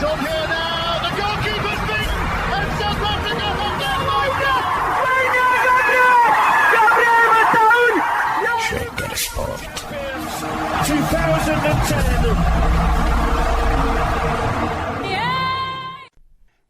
Don't hear that.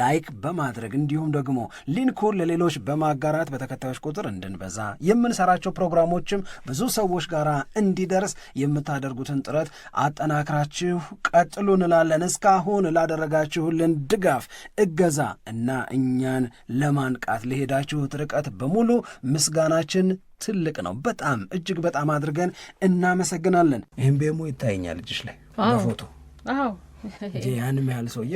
ላይክ በማድረግ እንዲሁም ደግሞ ሊንኩን ለሌሎች በማጋራት በተከታዮች ቁጥር እንድንበዛ የምንሰራቸው ፕሮግራሞችም ብዙ ሰዎች ጋር እንዲደርስ የምታደርጉትን ጥረት አጠናክራችሁ ቀጥሉ እንላለን። እስካሁን ላደረጋችሁልን ድጋፍ፣ እገዛ እና እኛን ለማንቃት ለሄዳችሁት ርቀት በሙሉ ምስጋናችን ትልቅ ነው። በጣም እጅግ በጣም አድርገን እናመሰግናለን። ይህም ደግሞ ይታየኛል እጅሽ ላይ በፎቶ ያንም ያህል ሰውዬ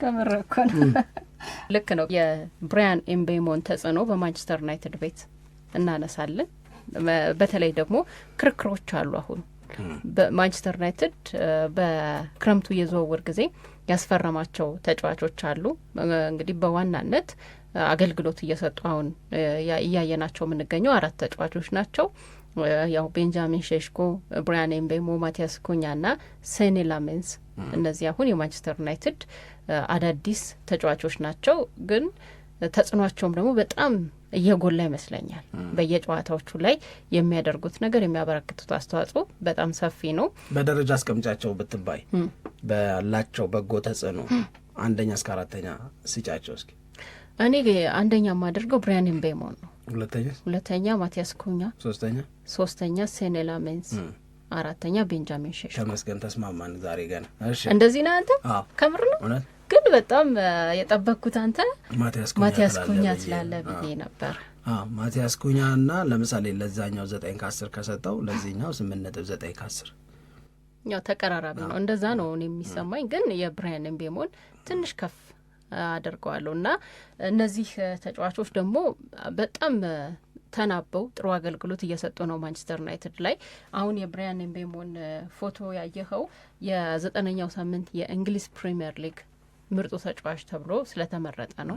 ከምር እኮ ነው። ልክ ነው። የብሪያን ኤምቤሞን ተጽዕኖ በማንቸስተር ዩናይትድ ቤት እናነሳለን። በተለይ ደግሞ ክርክሮች አሉ። አሁን በማንቸስተር ዩናይትድ በክረምቱ የዝውውር ጊዜ ያስፈረማቸው ተጫዋቾች አሉ። እንግዲህ በዋናነት አገልግሎት እየሰጡ አሁን እያየናቸው የምንገኘው አራት ተጫዋቾች ናቸው። ያው ቤንጃሚን ሼሽኮ፣ ብራያን ኤምቤሞ፣ ማቲያስ ኩኛ ና ሴኔ ላሜንስ እነዚህ አሁን የማንቸስተር ዩናይትድ አዳዲስ ተጫዋቾች ናቸው። ግን ተጽዕኗቸውም ደግሞ በጣም እየጎላ ይመስለኛል። በየጨዋታዎቹ ላይ የሚያደርጉት ነገር የሚያበረክቱት አስተዋጽኦ በጣም ሰፊ ነው። በደረጃ አስቀምጫቸው ብትባይ ባላቸው በጎ ተጽዕኖ አንደኛ እስከ አራተኛ ስጫቸው እስኪ እኔ አንደኛ የማደርገው ብሪያን ምቤሞን ነው። ሁለተኛ ሁለተኛ ማቲያስ ኩኛ፣ ሶስተኛ ሶስተኛ ሴኔላሜንስ፣ አራተኛ ቤንጃሚን ሼሽ። ተመስገን ተስማማን ዛሬ ገና። እንደዚህ ነህ አንተ? ከምር ነው ግን በጣም የጠበቅኩት አንተ ማቲያስ ኩኛ ስላለ ብዬ ነበር። ማቲያስ ኩኛ እና ለምሳሌ ለዛኛው ዘጠኝ ከአስር ከሰጠው ለዚህኛው ስምንት ነጥብ ዘጠኝ ከአስር ያው ተቀራራቢ ነው። እንደዛ ነው እኔ የሚሰማኝ። ግን የብሪያን ምቤሞን ትንሽ ከፍ አደርገዋለሁ እና እነዚህ ተጫዋቾች ደግሞ በጣም ተናበው ጥሩ አገልግሎት እየሰጡ ነው ማንቸስተር ዩናይትድ ላይ። አሁን የብሪያን ኤምቤሞን ፎቶ ያየኸው የዘጠነኛው ሳምንት የእንግሊዝ ፕሪምየር ሊግ ምርጡ ተጫዋች ተብሎ ስለተመረጠ ነው።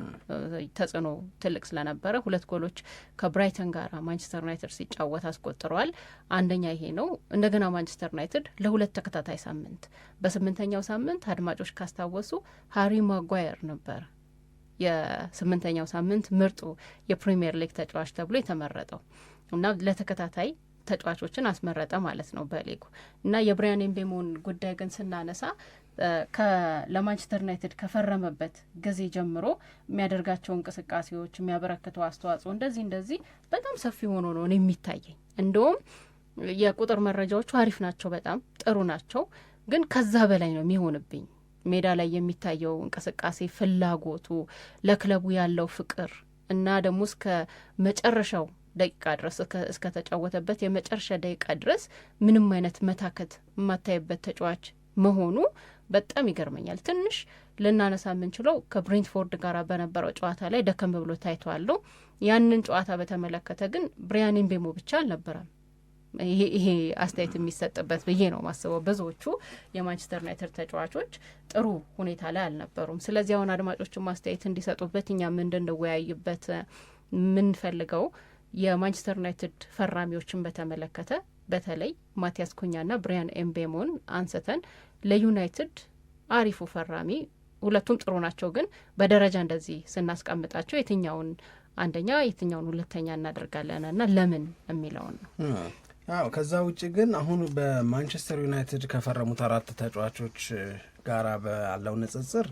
ተጽዕኖ ትልቅ ስለነበረ ሁለት ጎሎች ከብራይተን ጋር ማንቸስተር ዩናይትድ ሲጫወት አስቆጥረዋል። አንደኛ ይሄ ነው። እንደገና ማንቸስተር ዩናይትድ ለሁለት ተከታታይ ሳምንት በስምንተኛው ሳምንት አድማጮች ካስታወሱ ሀሪ ማጓየር ነበር የስምንተኛው ሳምንት ምርጡ የፕሪምየር ሊግ ተጫዋች ተብሎ የተመረጠው እና ለተከታታይ ተጫዋቾችን አስመረጠ ማለት ነው በሊጉ እና የብሪያን ኤምቤሞን ጉዳይ ግን ስናነሳ ለማንቸስተር ዩናይትድ ከፈረመበት ጊዜ ጀምሮ የሚያደርጋቸው እንቅስቃሴዎች የሚያበረክተው አስተዋጽኦ እንደዚህ እንደዚህ በጣም ሰፊ ሆኖ ነው ነው የሚታየኝ። እንደውም የቁጥር መረጃዎቹ አሪፍ ናቸው፣ በጣም ጥሩ ናቸው። ግን ከዛ በላይ ነው የሚሆንብኝ ሜዳ ላይ የሚታየው እንቅስቃሴ፣ ፍላጎቱ፣ ለክለቡ ያለው ፍቅር እና ደግሞ እስከ መጨረሻው ደቂቃ ድረስ እስከተጫወተበት የመጨረሻ ደቂቃ ድረስ ምንም አይነት መታከት የማታይበት ተጫዋች መሆኑ በጣም ይገርመኛል። ትንሽ ልናነሳ የምንችለው ከብሬንትፎርድ ጋር በነበረው ጨዋታ ላይ ደከም ብሎ ታይተዋለሁ። ያንን ጨዋታ በተመለከተ ግን ብሪያን ምቤሞ ብቻ አልነበረም ይሄ አስተያየት የሚሰጥበት ብዬ ነው ማስበው። ብዙዎቹ የማንቸስተር ዩናይትድ ተጫዋቾች ጥሩ ሁኔታ ላይ አልነበሩም። ስለዚህ አሁን አድማጮችን ማስተያየት እንዲሰጡበት እኛ እንድንወያይበት የምንፈልገው የማንቸስተር ዩናይትድ ፈራሚዎችን በተመለከተ በተለይ ማቲያስ ኩኛና ብሪያን ኤምቤሞን አንስተን ለዩናይትድ አሪፉ ፈራሚ ሁለቱም ጥሩ ናቸው፣ ግን በደረጃ እንደዚህ ስናስቀምጣቸው የትኛውን አንደኛ የትኛውን ሁለተኛ እናደርጋለን እና ለምን የሚለውን ነው። አዎ ከዛ ውጭ ግን አሁን በማንቸስተር ዩናይትድ ከፈረሙት አራት ተጫዋቾች ጋራ ባለው ንጽጽር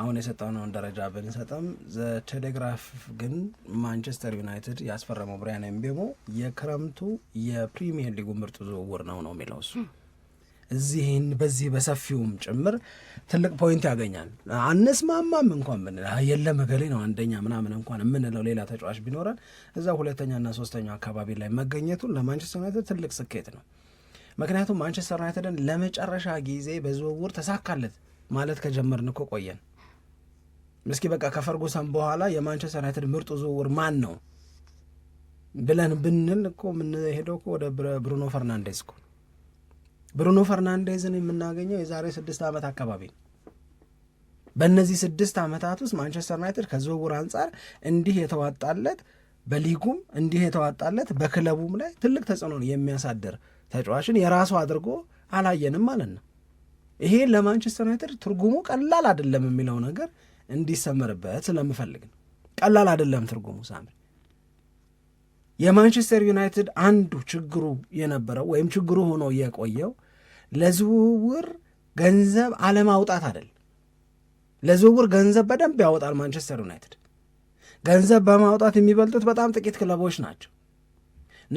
አሁን የሰጠነውን ደረጃ ብንሰጠም ዘ ቴሌግራፍ ግን ማንቸስተር ዩናይትድ ያስፈረመው ብሪያን ምቤሞ የክረምቱ የፕሪሚየር ሊጉ ምርጡ ዝውውር ነው ነው የሚለው እሱ እዚህን በዚህ በሰፊውም ጭምር ትልቅ ፖይንት ያገኛል። አንስማማም እንኳን ምን የለም እገሌ ነው አንደኛ ምናምን እንኳን የምንለው ሌላ ተጫዋች ቢኖረን እዛ ሁለተኛና ሶስተኛው አካባቢ ላይ መገኘቱን ለማንቸስተር ዩናይትድ ትልቅ ስኬት ነው። ምክንያቱም ማንቸስተር ዩናይትድን ለመጨረሻ ጊዜ በዝውውር ተሳካለት ማለት ከጀመርን እኮ ቆየን። እስኪ በቃ ከፈርጉሰን በኋላ የማንቸስተር ዩናይትድ ምርጡ ዝውውር ማን ነው ብለን ብንል እኮ የምንሄደው ወደ ብሩኖ ፈርናንዴዝ እኮ ብሩኖ ፈርናንዴዝን የምናገኘው የዛሬ ስድስት ዓመት አካባቢ ነው። በእነዚህ ስድስት ዓመታት ውስጥ ማንቸስተር ዩናይትድ ከዝውውር አንጻር እንዲህ የተዋጣለት በሊጉም እንዲህ የተዋጣለት በክለቡም ላይ ትልቅ ተጽዕኖ የሚያሳድር ተጫዋችን የራሱ አድርጎ አላየንም ማለት ነው። ይሄ ለማንቸስተር ዩናይትድ ትርጉሙ ቀላል አይደለም የሚለው ነገር እንዲሰመርበት ስለምፈልግ ነው። ቀላል አይደለም ትርጉሙ ሳምሪ የማንቸስተር ዩናይትድ አንዱ ችግሩ የነበረው ወይም ችግሩ ሆኖ የቆየው ለዝውውር ገንዘብ አለማውጣት አይደል። ለዝውውር ገንዘብ በደንብ ያወጣል ማንቸስተር ዩናይትድ። ገንዘብ በማውጣት የሚበልጡት በጣም ጥቂት ክለቦች ናቸው።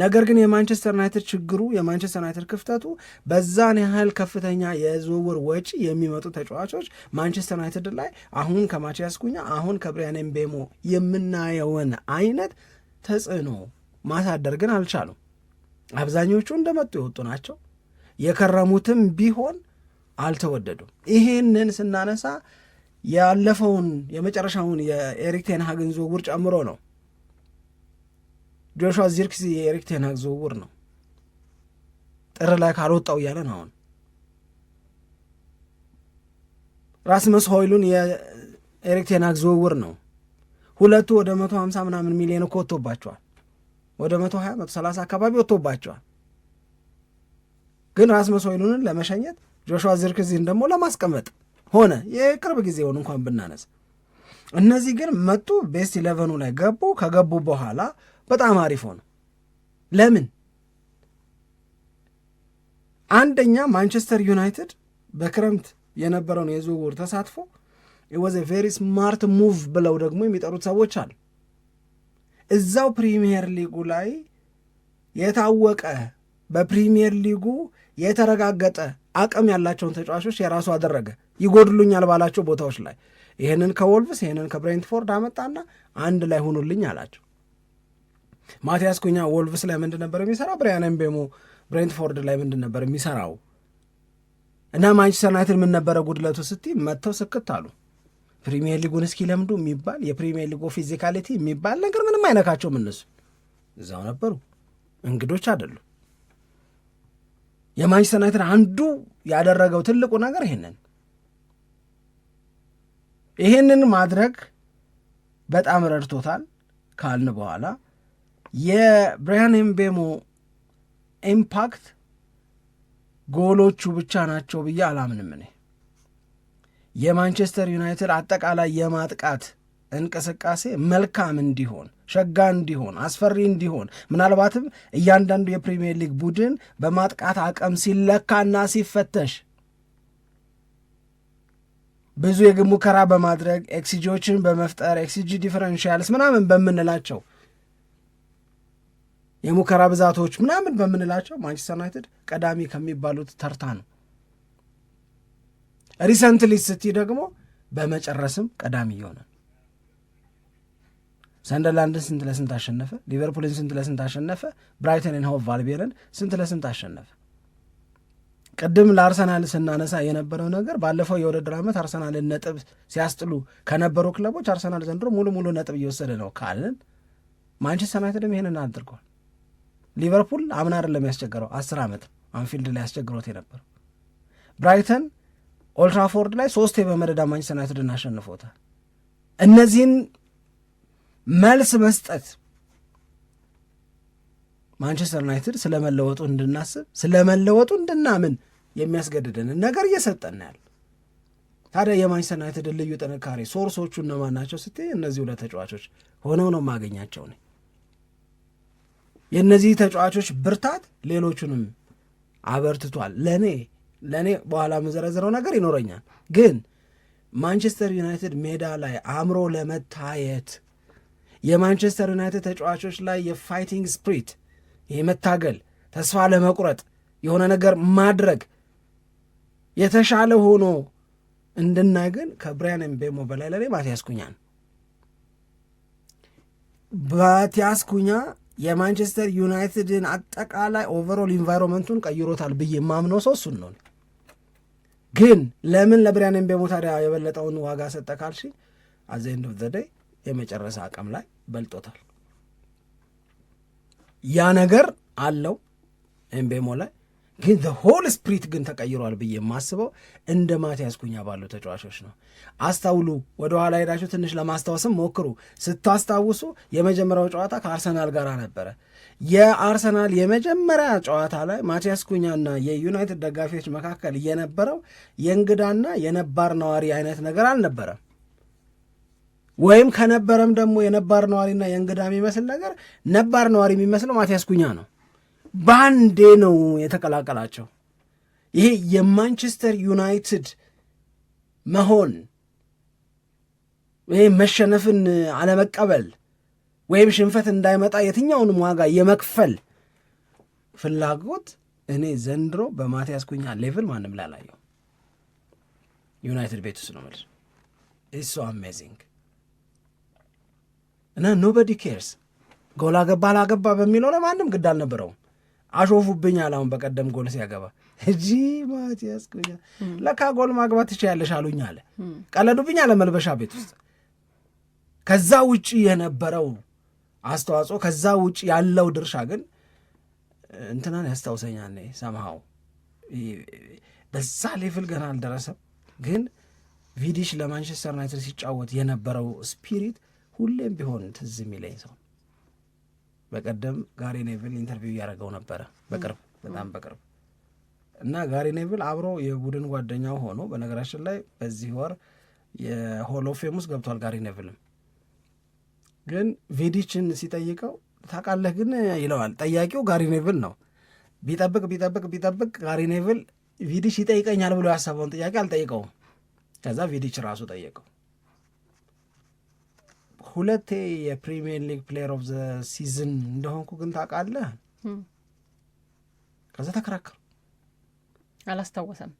ነገር ግን የማንቸስተር ዩናይትድ ችግሩ የማንቸስተር ዩናይትድ ክፍተቱ በዛን ያህል ከፍተኛ የዝውውር ወጪ የሚመጡ ተጫዋቾች ማንቸስተር ዩናይትድ ላይ አሁን ከማቲያስ ኩኛ አሁን ከብሪያን ምቤሞ የምናየውን አይነት ተጽዕኖ ማሳደር ግን አልቻሉም። አብዛኞቹ እንደመጡ የወጡ ናቸው። የከረሙትም ቢሆን አልተወደዱም። ይህንን ስናነሳ ያለፈውን የመጨረሻውን የኤሪክ ቴንሃግን ዝውውር ጨምሮ ነው። ጆሹዋ ዚርክሲ የኤሪክ ቴንሃግ ዝውውር ነው። ጥር ላይ ካልወጣው እያለን አሁን ራስመስ ሆይሉን የኤሪክ ቴንሃግ ዝውውር ነው። ሁለቱ ወደ መቶ ሀምሳ ምናምን ሚሊዮን እኮ ወጥቶባቸዋል። ወደ መቶ ሀያ መቶ ሰላሳ አካባቢ ወጥቶባቸዋል። ግን ራስመስ ሆይሉንን ለመሸኘት ጆሹዋ ዚርክዚን ደግሞ ለማስቀመጥ ሆነ። የቅርብ ጊዜውን እንኳን ብናነሳ እነዚህ ግን መጡ፣ ቤስት ኢለቨኑ ላይ ገቡ። ከገቡ በኋላ በጣም አሪፍ ሆነ። ለምን አንደኛ ማንቸስተር ዩናይትድ በክረምት የነበረውን የዝውውር ተሳትፎ ኢት ዋዝ ቬሪ ስማርት ሙቭ ብለው ደግሞ የሚጠሩት ሰዎች አሉ። እዛው ፕሪሚየር ሊጉ ላይ የታወቀ በፕሪሚየር ሊጉ የተረጋገጠ አቅም ያላቸውን ተጫዋቾች የራሱ አደረገ ይጎድሉኛል ባላቸው ቦታዎች ላይ ይህንን ከወልቭስ ይህንን ከብሬንትፎርድ አመጣና አንድ ላይ ሆኑልኝ አላቸው። ማቲያስ ኩኛ ወልቭስ ላይ ምንድን ነበር የሚሰራው? ብሪያን ምቤሞ ብሬንትፎርድ ላይ ምንድን ነበር የሚሰራው? እና ማንቸስተር ዩናይትድ ምን ነበረ ጉድለቱ ስቲ መጥተው ስክት አሉ። ፕሪሚየር ሊጉን እስኪ ለምዱ የሚባል የፕሪሚየር ሊጉ ፊዚካሊቲ የሚባል ነገር ምንም አይነካቸውም። እነሱ እዛው ነበሩ፣ እንግዶች አይደሉም። የማንቸስተር ዩናይትድ አንዱ ያደረገው ትልቁ ነገር ይሄንን ይሄንን ማድረግ በጣም ረድቶታል ካልን በኋላ የብሪያን ኤምቤሞ ኢምፓክት ጎሎቹ ብቻ ናቸው ብዬ አላምንም እኔ የማንቸስተር ዩናይትድ አጠቃላይ የማጥቃት እንቅስቃሴ መልካም እንዲሆን ሸጋ እንዲሆን አስፈሪ እንዲሆን ምናልባትም እያንዳንዱ የፕሪምየር ሊግ ቡድን በማጥቃት አቅም ሲለካና ሲፈተሽ ብዙ የግብ ሙከራ በማድረግ ኤክሲጂዎችን በመፍጠር ኤክሲጂ ዲፈረንሻልስ ምናምን በምንላቸው የሙከራ ብዛቶች ምናምን በምንላቸው ማንቸስተር ዩናይትድ ቀዳሚ ከሚባሉት ተርታ ነው። ሪሰንትሊ ስቲ ደግሞ በመጨረስም ቀዳሚ እየሆነ ሰንደርላንድን ስንት ለስንት አሸነፈ? ሊቨርፑልን ስንት ለስንት አሸነፈ? ብራይተንን ሆቭ አልቢዮንን ስንት ለስንት አሸነፈ? ቅድም ለአርሰናል ስናነሳ የነበረው ነገር ባለፈው የውድድር ዓመት አርሰናልን ነጥብ ሲያስጥሉ ከነበሩ ክለቦች አርሰናል ዘንድሮ ሙሉ ሙሉ ነጥብ እየወሰደ ነው ካልን ማንቸስተር ዩናይትድም ይህንን አድርገዋል። ሊቨርፑል አምና አይደለም ያስቸገረው አስር ዓመት አንፊልድ ላይ ያስቸግሮት የነበረው ብራይተን ኦልትራፎርድ ላይ ሶስቴ በመደዳ ማንቸስተር ዩናይትድን አሸንፎታል። እነዚህን መልስ መስጠት ማንቸስተር ዩናይትድ ስለመለወጡ እንድናስብ ስለመለወጡ እንድናምን የሚያስገድደንን ነገር እየሰጠን ያለ። ታዲያ የማንቸስተር ዩናይትድ ልዩ ጥንካሬ ሶርሶቹ እነማን ናቸው ስትይ እነዚህ ሁለት ተጫዋቾች ሆነው ነው የማገኛቸው ነ የእነዚህ ተጫዋቾች ብርታት ሌሎቹንም አበርትቷል ለእኔ ለእኔ በኋላ የምዘረዝረው ነገር ይኖረኛል። ግን ማንቸስተር ዩናይትድ ሜዳ ላይ አእምሮ ለመታየት የማንቸስተር ዩናይትድ ተጫዋቾች ላይ የፋይቲንግ ስፕሪት የመታገል መታገል፣ ተስፋ ለመቁረጥ የሆነ ነገር ማድረግ የተሻለ ሆኖ እንድናይ ግን ከብሪያን ኤምቤሞ በላይ ለኔ ማቲያስ ኩኛ ነው። ማቲያስ ኩኛ የማንቸስተር ዩናይትድን አጠቃላይ ኦቨሮል ኢንቫይሮንመንቱን ቀይሮታል ብዬ የማምነው ሰው እሱን ነው። ግን ለምን ለብሪያን ኤምቤሞ ታዲያ የበለጠውን ዋጋ ሰጠ ካልሽ ዘ ደይ የመጨረስ አቅም ላይ በልጦታል። ያ ነገር አለው ኤምቤሞ ላይ ግን ሆል ስፕሪት ግን ተቀይሯል ብዬ የማስበው እንደ ማቲያስ ኩኛ ባሉ ተጫዋቾች ነው። አስታውሉ፣ ወደ ኋላ ሄዳችሁ ትንሽ ለማስታወስም ሞክሩ። ስታስታውሱ የመጀመሪያው ጨዋታ ከአርሰናል ጋር ነበረ። የአርሰናል የመጀመሪያ ጨዋታ ላይ ማቲያስ ኩኛና የዩናይትድ ደጋፊዎች መካከል የነበረው የእንግዳና የነባር ነዋሪ አይነት ነገር አልነበረም። ወይም ከነበረም ደግሞ የነባር ነዋሪና የእንግዳ የሚመስል ነገር ነባር ነዋሪ የሚመስለው ማቲያስ ኩኛ ነው። በአንዴ ነው የተቀላቀላቸው። ይሄ የማንቸስተር ዩናይትድ መሆን ይሄ መሸነፍን አለመቀበል ወይም ሽንፈት እንዳይመጣ የትኛውንም ዋጋ የመክፈል ፍላጎት እኔ ዘንድሮ በማቲያስ ኩኛ ሌቭል ማንም ላይ አላየው። ዩናይትድ ቤት ውስጥ ነው ምድር ኢትስ ሶ አሜዚንግ እና ኖበዲ ኬርስ ጎል አገባ አላገባ በሚለው ላይ ማንም ግድ አልነበረውም። አሾፉብኛል። አሁን በቀደም ጎል ሲያገባ እጂ ማቲያስ ኩኛ ለካ ጎል ማግባት ትችያለሽ አሉኝ አለ። ቀለዱብኝ አለ መልበሻ ቤት ውስጥ ከዛ ውጭ የነበረው አስተዋጽኦ ከዛ ውጭ ያለው ድርሻ ግን እንትናን ያስታውሰኛል። ሰምሃው በዛ ሌቭል ገና አልደረሰም፣ ግን ቪዲሽ ለማንቸስተር ዩናይትድ ሲጫወት የነበረው ስፒሪት ሁሌም ቢሆን ትዝ የሚለኝ ሰው። በቀደም ጋሪ ኔቪል ኢንተርቪው እያደረገው ነበረ በቅርብ በጣም በቅርብ እና ጋሪ ኔቭል አብሮ የቡድን ጓደኛው ሆኖ በነገራችን ላይ በዚህ ወር የሆሎፌም ውስጥ ገብቷል ጋሪ ኔቪልም ግን ቪዲችን ሲጠይቀው ታውቃለህ ግን ይለዋል። ጠያቂው ጋሪ ኔቭል ነው። ቢጠብቅ ቢጠብቅ ቢጠብቅ ጋሪ ኔቭል ቪዲች ይጠይቀኛል ብሎ ያሰበውን ጥያቄ አልጠይቀውም። ከዛ ቪዲች ራሱ ጠየቀው። ሁለቴ የፕሪሚየር ሊግ ፕሌየር ኦፍ ዘ ሲዝን እንደሆንኩ ግን ታውቃለህ። ከዛ ተከራከሩ። አላስታወሰም፣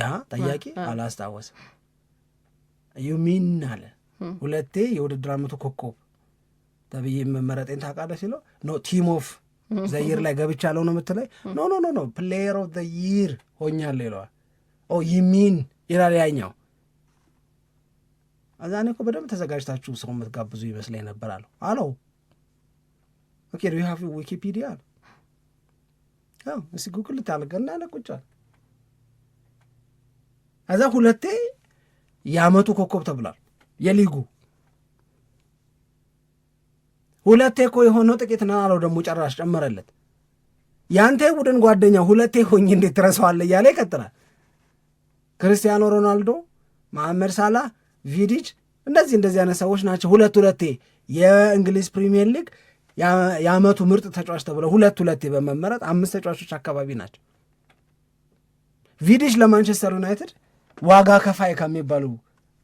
ያ ጠያቂ አላስታወሰም። ዩሚን አለ ሁለቴ የውድድር አመቱ ኮከብ ተብዬ መመረጤን ታውቃለህ ሲለው ኖ ቲም ኦፍ ዘይር ላይ ገብቻለሁ ነው የምትለኝ? ኖ ኖ ኖ ኖ ፕሌየር ኦፍ ዘይር ሆኛለሁ ይለዋል። ኦ ይሚን ይላል ያኛው። እዛ እኔ እኮ በደንብ ተዘጋጅታችሁ ሰው የምትጋብዙ ይመስለኝ ነበር አለው አለው። ኦኬ ዱ ዩ ሃቭ ዊኪፒዲያ አለ። እስኪ ጉግል ታልገና ለቁጫል እዛ ሁለቴ የአመቱ ኮከብ ተብሏል የሊጉ ሁለቴ እኮ የሆነው ጥቂት ነው አለው። ደግሞ ጨራሽ ጨመረለት። ያንተ ቡድን ጓደኛ ሁለቴ ሆኝ እንዴት ትረሳዋለህ? እያለ ይቀጥላል። ክርስቲያኖ ሮናልዶ፣ መሐመድ ሳላ ቪዲች እንደዚህ እንደዚህ አይነት ሰዎች ናቸው ሁለት ሁለቴ የእንግሊዝ ፕሪሚየር ሊግ የአመቱ ምርጥ ተጫዋች ተብለው ሁለት ሁለቴ በመመረጥ አምስት ተጫዋቾች አካባቢ ናቸው። ቪዲች ለማንቸስተር ዩናይትድ ዋጋ ከፋይ ከሚባሉ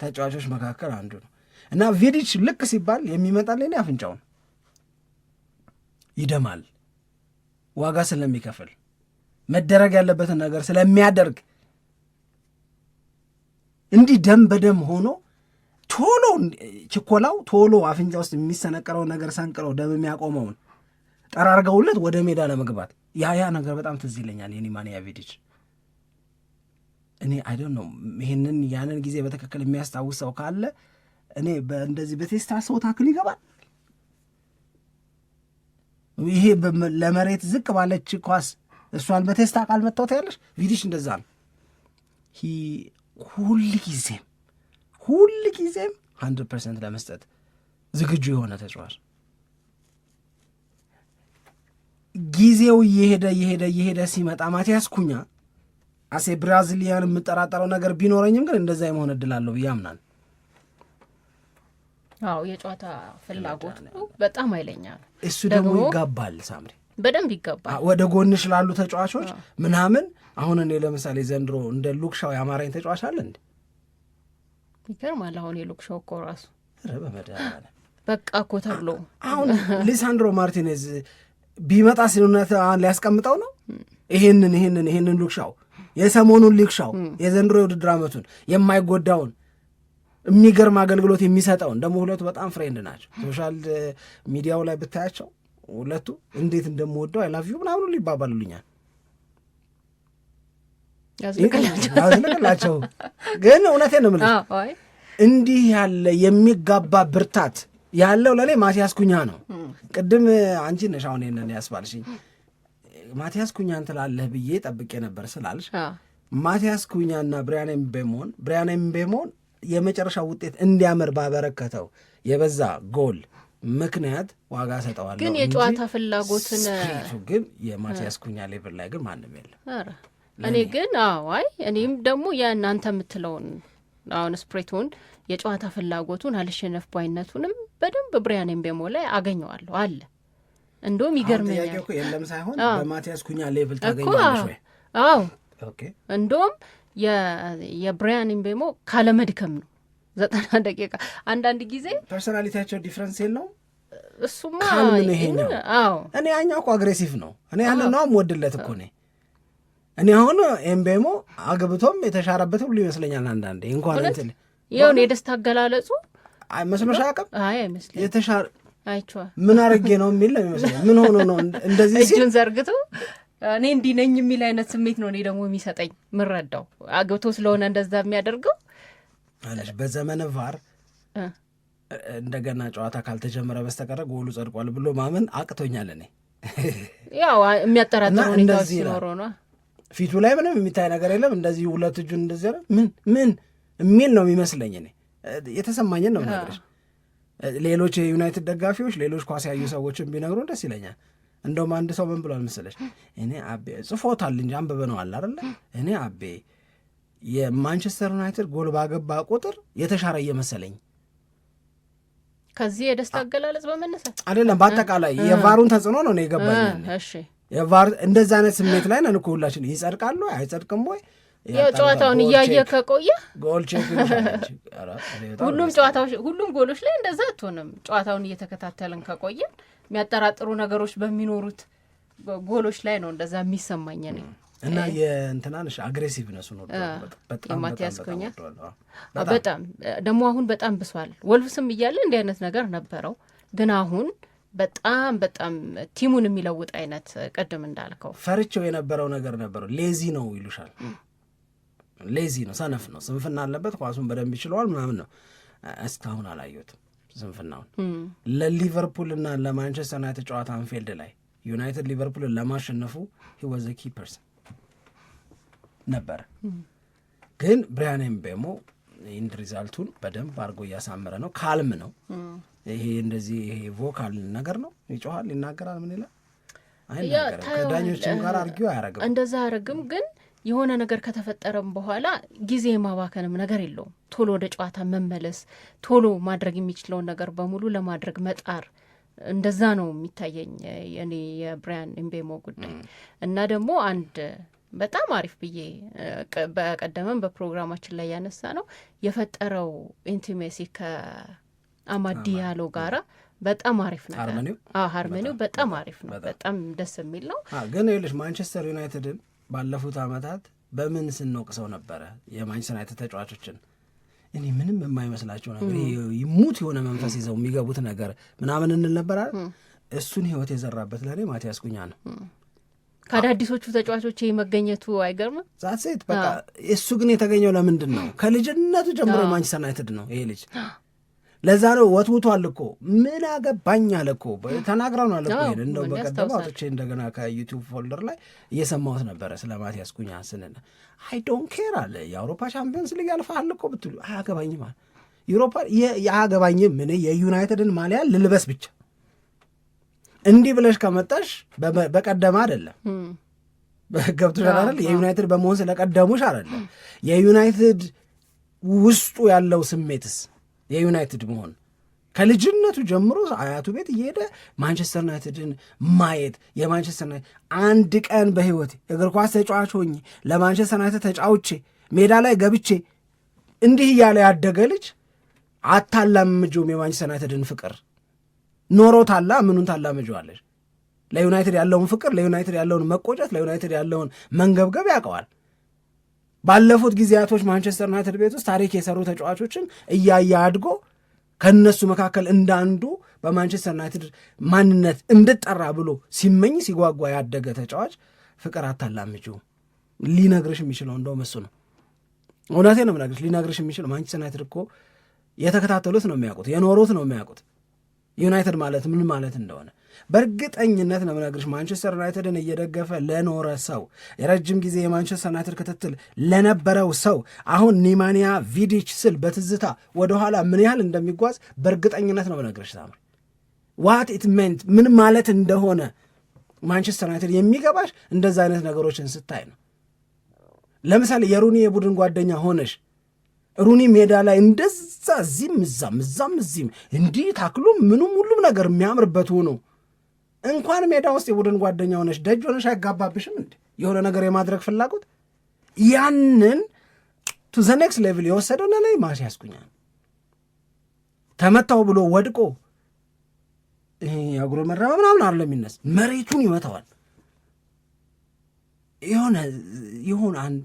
ተጫዋቾች መካከል አንዱ ነው እና ቪዲች ልክ ሲባል የሚመጣልኝ አፍንጫው ነው። ይደማል። ዋጋ ስለሚከፍል መደረግ ያለበትን ነገር ስለሚያደርግ እንዲህ ደም በደም ሆኖ ቶሎ ችኮላው ቶሎ አፍንጫ ውስጥ የሚሰነቀረው ነገር ሰንቅረው ደም የሚያቆመውን ጠራርገውለት ወደ ሜዳ ለመግባት ያ ያ ነገር በጣም ትዝ ይለኛል። የኔ ማንያ ቪዲች እኔ አይደ ነው ይህንን ያንን ጊዜ በትክክል የሚያስታውሰው ካለ እኔ በእንደዚህ በቴስታ ሰው ታክል ይገባል ይሄ ለመሬት ዝቅ ባለች ኳስ እሷን በቴስታ ቃል መታወት ያለች ቪዲሽ እንደዛ ነው። ሁል ጊዜም ሀንድርድ ፐርሰንት ለመስጠት ዝግጁ የሆነ ተጫዋች ጊዜው እየሄደ እየሄደ እየሄደ ሲመጣ ማቲያስ ኩኛ አሴ ብራዚሊያን የምጠራጠረው ነገር ቢኖረኝም ግን እንደዛ የመሆን እድል አለው ብዬ አምናለሁ። አዎ የጨዋታ ፍላጎት በጣም አይለኛ ነው። እሱ ደግሞ ይጋባል ሳምሪ በደንብ ይጋባል። ወደ ጎንሽ ላሉ ተጫዋቾች ምናምን አሁን እኔ ለምሳሌ ዘንድሮ እንደ ሉክሻው የአማራኝ ተጫዋች አለ እንዴ? ይገርማል። አሁን የሉክሻው እኮ ራሱ በቃ እኮ ተብሎ አሁን ሊሳንድሮ ማርቲኔዝ ቢመጣ ሲሉነት ሊያስቀምጠው ነው ይሄንን ይሄንን ይሄንን ሉክሻው የሰሞኑን ሉክሻው የዘንድሮ የውድድር አመቱን የማይጎዳውን የሚገርም አገልግሎት የሚሰጠውን ደግሞ ሁለቱ በጣም ፍሬንድ ናቸው። ሶሻል ሚዲያው ላይ ብታያቸው ሁለቱ እንዴት እንደምወደው አይላፊዩ ምናምን ይባባሉልኛል። ያዝንቅላቸው ግን እውነቴን ነው የምልሽ። እንዲህ ያለ የሚጋባ ብርታት ያለው ለእኔ ማቲያስ ኩኛ ነው። ቅድም አንቺ ነሽ አሁን ይህንን ያስባልሽኝ ማቲያስ ኩኛን ትላለህ ብዬ ጠብቄ ነበር ስላልሽ ማቲያስ ኩኛና ብሪያን ኤምቤሞን ብሪያን ኤምቤሞን የመጨረሻ ውጤት እንዲያምር ባበረከተው የበዛ ጎል ምክንያት ዋጋ ሰጠዋለሁ። ግን የጨዋታ ፍላጎትን ግን የማቲያስ ኩኛ ሌቭል ላይ ግን ማንም የለም። እኔ ግን አዋይ እኔም ደግሞ የእናንተ የምትለውን አሁን ስፕሬቱን የጨዋታ ፍላጎቱን አልሸነፍ ባይነቱንም በደንብ ብሪያን ምቤሞ ላይ አገኘዋለሁ አለ። እንደውም ይገርመኛል የለም ሳይሆን በማቲያስ ኩኛ ሌቭል ታገኛለሽ ወይ? አዎ እንደውም የብራያን ምቤሞ ካለመድከም ነው ዘጠና ደቂቃ። አንዳንድ ጊዜ ፐርሶናሊቲያቸው ዲፍረንስ የለው እሱማ ይሄኛው እኔ ያኛው እኮ አግሬሲቭ ነው። እኔ ያለ ነው ምወድለት እኮ እኔ እኔ አሁን ኤምቤሞ አግብቶም የተሻረበት ሁሉ ይመስለኛል። አንዳንዴ እንኳን እንትን ይሁን የደስታ አገላለጹ መስመሻ አያውቅም። የተሻ አይቼዋለሁ ምን አድርጌ ነው የሚል ነው የሚመስለኝ። ምን ሆኖ ነው እንደዚህ እጁን ዘርግቶ እኔ እንዲህ ነኝ የሚል አይነት ስሜት ነው እኔ ደግሞ የሚሰጠኝ የምረዳው አግብቶ ስለሆነ እንደዛ የሚያደርገው በዘመነ ቫር እንደገና ጨዋታ ካልተጀመረ በስተቀረ ጎሉ ጸድቋል ብሎ ማመን አቅቶኛል። እኔ ያው የሚያጠራጥር ሁኔታ ሲኖረ ነ ፊቱ ላይ ምንም የሚታይ ነገር የለም። እንደዚህ ሁለት እጁን እንደዚህ ምን ምን የሚል ነው የሚመስለኝ። እኔ የተሰማኝን ነው ነገሮች። ሌሎች የዩናይትድ ደጋፊዎች፣ ሌሎች ኳስ ያዩ ሰዎች ቢነግሩን ደስ ይለኛል። እንደውም አንድ ሰው ምን ብሏል መሰለሽ? እኔ አቤ ጽፎታል እንጂ አንብበ ነው አለ አይደለ? እኔ አቤ የማንቸስተር ዩናይትድ ጎል ባገባ ቁጥር የተሻረ እየመሰለኝ ከዚህ የደስታ አገላለጽ በመነሳት አይደለም፣ በአጠቃላይ የቫሩን ተጽዕኖ ነው ነው የገባኝ። የቫር እንደዚህ አይነት ስሜት ላይ ነን እኮ ሁላችን። ይጸድቃሉ አይጸድቅም ወይ ጨዋታውን እያየ ከቆየ ሁሉም ጨዋታዎች ሁሉም ጎሎች ላይ እንደዛ አትሆንም። ጨዋታውን እየተከታተልን ከቆየን የሚያጠራጥሩ ነገሮች በሚኖሩት ጎሎች ላይ ነው እንደዛ የሚሰማኝ እኔ እና የእንትናንሽ አግሬሲቭ ነሱ ማቲያስ ኩኛ በጣም ደግሞ አሁን በጣም ብሷል። ወልፍስም እያለ እንዲህ አይነት ነገር ነበረው፣ ግን አሁን በጣም በጣም ቲሙን የሚለውጥ አይነት ቅድም እንዳልከው ፈርቸው የነበረው ነገር ነበረው። ሌዚ ነው ይሉሻል፣ ሌዚ ነው፣ ሰነፍ ነው፣ ስንፍና አለበት፣ ኳሱን በደንብ ይችለዋል ምናምን ነው። እስካሁን አላየሁትም። ስንፍናውን ለሊቨርፑልና ለማንቸስተር ዩናይትድ ጨዋታ አንፊልድ ላይ ዩናይትድ ሊቨርፑልን ለማሸነፉ ሂወዘ ኪ ፐርሰን ነበረ። ግን ብሪያን ኤምቤሞ ኢንድ ሪዛልቱን በደንብ አድርጎ እያሳመረ ነው። ካልም ነው። ይሄ እንደዚህ ይሄ ቮካል ነገር ነው። ይጮኋል፣ ይናገራል፣ ምን ይላል አይናገርም። ከዳኞችም ጋር አርጊው አያረግም፣ እንደዛ አያረግም ግን የሆነ ነገር ከተፈጠረም በኋላ ጊዜ ማባከንም ነገር የለውም። ቶሎ ወደ ጨዋታ መመለስ፣ ቶሎ ማድረግ የሚችለውን ነገር በሙሉ ለማድረግ መጣር፣ እንደዛ ነው የሚታየኝ የኔ የብሪያን ኢምቤሞ ጉዳይ እና ደግሞ አንድ በጣም አሪፍ ብዬ በቀደመም በፕሮግራማችን ላይ ያነሳ ነው የፈጠረው ኢንቲሜሲ ከአማዲ ያለው ጋራ በጣም አሪፍ ነው። ሃርመኒው በጣም አሪፍ ነው። በጣም ደስ የሚል ነው። ግን ይኸውልሽ ማንቸስተር ዩናይትድን ባለፉት አመታት በምን ስንወቅሰው ነበረ የማንችስተር ዩናይትድ ተጫዋቾችን እኔ ምንም የማይመስላቸው ነገር ይሙት የሆነ መንፈስ ይዘው የሚገቡት ነገር ምናምን እንል ነበር። እሱን ህይወት የዘራበት ለእኔ ማቲያስ ኩኛ ነው። ከአዳዲሶቹ ተጫዋቾች መገኘቱ አይገርምም። ዛት ሴት በቃ እሱ ግን የተገኘው ለምንድን ነው? ከልጅነቱ ጀምሮ ማንችስተር ዩናይትድ ነው ይሄ ልጅ ለዛ ነው ወትውቷል እኮ ምን አገባኝ አለ እኮ ተናግረው አለ እኮ እንደው በቀደም አውጥቼ እንደገና ከዩቲዩብ ፎልደር ላይ እየሰማሁት ነበረ ስለ ማቲያስ ኩኛ ስንና አይ ዶን ኬር አለ የአውሮፓ ሻምፒዮንስ ሊግ ያልፋል እኮ ብትሉ አያገባኝም አለ ዩሮፓ የአያገባኝም ምን የዩናይትድን ማሊያ ልልበስ ብቻ እንዲህ ብለሽ ከመጣሽ በቀደመ አይደለም ገብቶሻል አይደል የዩናይትድ በመሆን ስለቀደሙሽ አይደለም የዩናይትድ ውስጡ ያለው ስሜትስ የዩናይትድ መሆን ከልጅነቱ ጀምሮ አያቱ ቤት እየሄደ ማንቸስተር ዩናይትድን ማየት የማንቸስተር ዩናይትድ አንድ ቀን በህይወት እግር ኳስ ተጫዋች ሆኜ ለማንቸስተር ዩናይትድ ተጫውቼ ሜዳ ላይ ገብቼ እንዲህ እያለ ያደገ ልጅ አታላምጆም። የማንቸስተር ዩናይትድን ፍቅር ኖሮ ታላ ምኑን ታላምጀዋለች ለዩናይትድ ያለውን ፍቅር፣ ለዩናይትድ ያለውን መቆጨት፣ ለዩናይትድ ያለውን መንገብገብ ያውቀዋል። ባለፉት ጊዜያቶች ማንቸስተር ዩናይትድ ቤት ውስጥ ታሪክ የሰሩ ተጫዋቾችን እያየ አድጎ ከእነሱ መካከል እንዳንዱ በማንቸስተር ዩናይትድ ማንነት እንድጠራ ብሎ ሲመኝ ሲጓጓ ያደገ ተጫዋች ፍቅር አታላምጪው ሊነግርሽ የሚችለው እንደውም እሱ ነው። እውነቴ ነው የምነግርሽ። ሊነግርሽ የሚችለው ማንቸስተር ዩናይትድ እኮ የተከታተሉት ነው የሚያውቁት፣ የኖሩት ነው የሚያውቁት ዩናይትድ ማለት ምን ማለት እንደሆነ በእርግጠኝነት ነው የምነግርሽ ማንቸስተር ዩናይትድን እየደገፈ ለኖረ ሰው የረጅም ጊዜ የማንቸስተር ዩናይትድ ክትትል ለነበረው ሰው አሁን ኒማንያ ቪዲች ስል በትዝታ ወደኋላ ምን ያህል እንደሚጓዝ በእርግጠኝነት ነው የምነግርሽ ታምር ዋት ኢት ሜንት ምን ማለት እንደሆነ ማንቸስተር ዩናይትድ የሚገባሽ እንደዛ አይነት ነገሮችን ስታይ ነው። ለምሳሌ የሩኒ የቡድን ጓደኛ ሆነሽ ሩኒ ሜዳ ላይ እንደዛ እዚህም እዛም እዛም እዚህም እንዲህ ታክሎ ምኑም ሁሉም ነገር የሚያምርበት ሆኖ እንኳን ሜዳ ውስጥ የቡድን ጓደኛ ሆነሽ ደጅ ሆነሽ አይጋባብሽም እንዴ? የሆነ ነገር የማድረግ ፍላጎት ያንን ቱ ዘ ኔክስት ሌቭል የወሰደው ላይ ማስ ያስጉኛል። ተመታው ብሎ ወድቆ የአጉሮ መራባ ምናምን አለ የሚነስ መሬቱን ይመታዋል። የሆነ የሆነ አንድ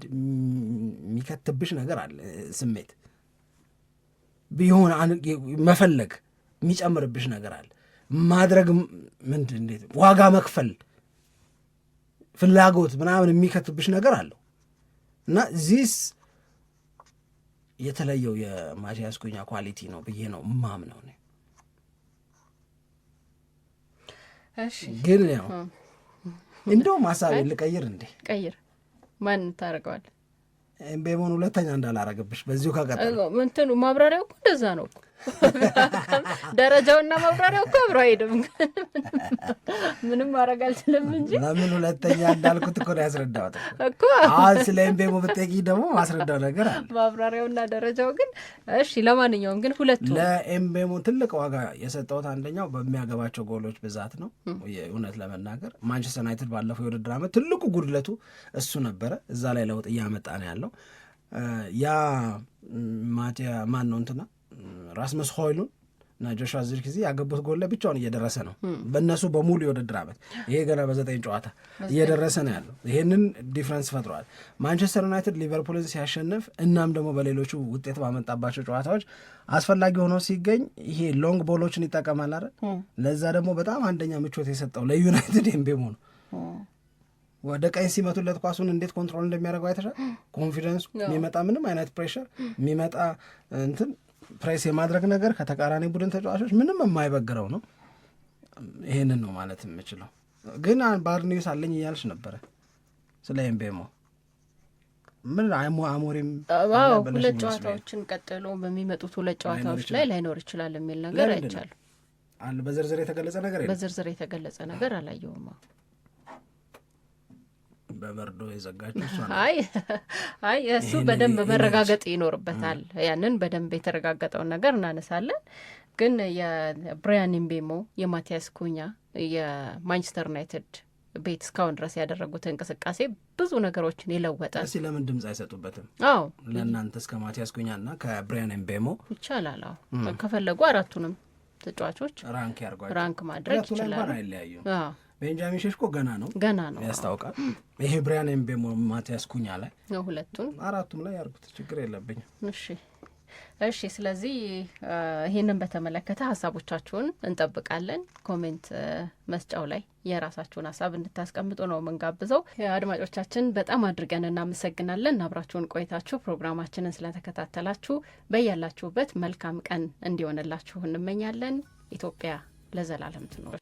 የሚከትብሽ ነገር አለ ስሜት የሆነ መፈለግ የሚጨምርብሽ ነገር አለ ማድረግ ምንድን ዋጋ መክፈል ፍላጎት ምናምን የሚከትብሽ ነገር አለው እና ዚስ የተለየው የማቲያስ ኩኛ ኳሊቲ ነው ብዬ ነው ማም ነው ግን ያው እንደውም ሀሳብ ልቀይር እንዴ ቀይር ማን ታደርገዋል ቤሞን ሁለተኛ እንዳላረግብሽ በዚሁ ከቀጠ ካቀጠ ማብራሪያው እንደዛ ነው እኮ ደረጃውና መብራሪያው እኮ አብሮ አይሄድም። ምንም ማድረግ አልችልም እንጂ ለምን ሁለተኛ እንዳልኩት እኮ ነው ያስረዳሁት እኮ። አሁን ስለ ኤምቤሞ ብትጠይቂኝ ደግሞ ማስረዳው ነገር አለ። ማብራሪያውና ደረጃው ግን እሺ። ለማንኛውም ግን ሁለቱ ለኤምቤሞ ትልቅ ዋጋ የሰጠሁት አንደኛው በሚያገባቸው ጎሎች ብዛት ነው። እውነት ለመናገር ማንቸስተር ዩናይትድ ባለፈው የውድድር ዓመት ትልቁ ጉድለቱ እሱ ነበረ። እዛ ላይ ለውጥ እያመጣ ነው ያለው ያ ማቲያ ማን ነው እንትና ራስመስ ሆይሉን እና ጆሹዋ ጊዜ ያገቡት ጎል ላይ ብቻውን እየደረሰ ነው። በእነሱ በሙሉ የውድድር ዓመት ይሄ ገና በዘጠኝ ጨዋታ እየደረሰ ነው ያለው። ይሄንን ዲፍረንስ ፈጥረዋል። ማንቸስተር ዩናይትድ ሊቨርፑልን ሲያሸንፍ እናም ደግሞ በሌሎቹ ውጤት ባመጣባቸው ጨዋታዎች አስፈላጊ ሆኖ ሲገኝ ይሄ ሎንግ ቦሎችን ይጠቀማል አይደል? ለዛ ደግሞ በጣም አንደኛ ምቾት የሰጠው ለዩናይትድ ኤምቤሞ ነው። ወደ ቀኝ ሲመቱለት ኳሱን እንዴት ኮንትሮል እንደሚያደርገው አይተሻል። ኮንፊደንሱ የሚመጣ ምንም አይነት ፕሬሽር የሚመጣ እንትን ፕሬስ የማድረግ ነገር ከተቃራኒ ቡድን ተጫዋቾች ምንም የማይበግረው ነው። ይህንን ነው ማለት የምችለው። ግን ባድ ኒውስ አለኝ እያልሽ ነበረ ስለ ኤምቤሞ ምን አሞሪም ሁለት ጨዋታዎችን ቀጥሎ በሚመጡት ሁለት ጨዋታዎች ላይ ላይኖር ይችላል የሚል ነገር አይቻልም። በዝርዝር የተገለጸ ነገር በዝርዝር የተገለጸ ነገር አላየውም። በመርዶ የዘጋችው አይ አይ እሱ በደንብ መረጋገጥ ይኖርበታል። ያንን በደንብ የተረጋገጠውን ነገር እናነሳለን። ግን የብሪያን ምቤሞ የማቲያስ ኩኛ የማንቸስተር ዩናይትድ ቤት እስካሁን ድረስ ያደረጉት እንቅስቃሴ ብዙ ነገሮችን የለወጠ። እስኪ ለምን ድምጽ አይሰጡበትም? አዎ ለእናንተ እስከ ማቲያስ ኩኛ እና ከብሪያን ምቤሞ ይቻላል። አዎ ከፈለጉ አራቱንም ተጫዋቾች ራንክ ያርጓቸው ራንክ ማድረግ ይችላል። ቤንጃሚን ሸሽኮ ገና ነው ገና ነው ያስታውቃል። ይሄ ብሪያን ኤምቤሞ ማቲያስ ኩኛ ላይ ሁለቱን አራቱም ላይ ያርጉት ችግር የለብኝም። እሺ እሺ። ስለዚህ ይህንን በተመለከተ ሀሳቦቻችሁን እንጠብቃለን። ኮሜንት መስጫው ላይ የራሳችሁን ሀሳብ እንድታስቀምጡ ነው የምንጋብዘው። አድማጮቻችን በጣም አድርገን እናመሰግናለን። አብራችሁን ቆይታችሁ ፕሮግራማችንን ስለተከታተላችሁ በያላችሁበት መልካም ቀን እንዲሆንላችሁ እንመኛለን። ኢትዮጵያ ለዘላለም ትኖር።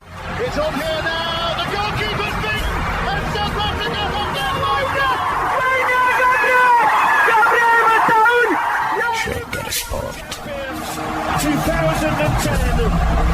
Sport. 2010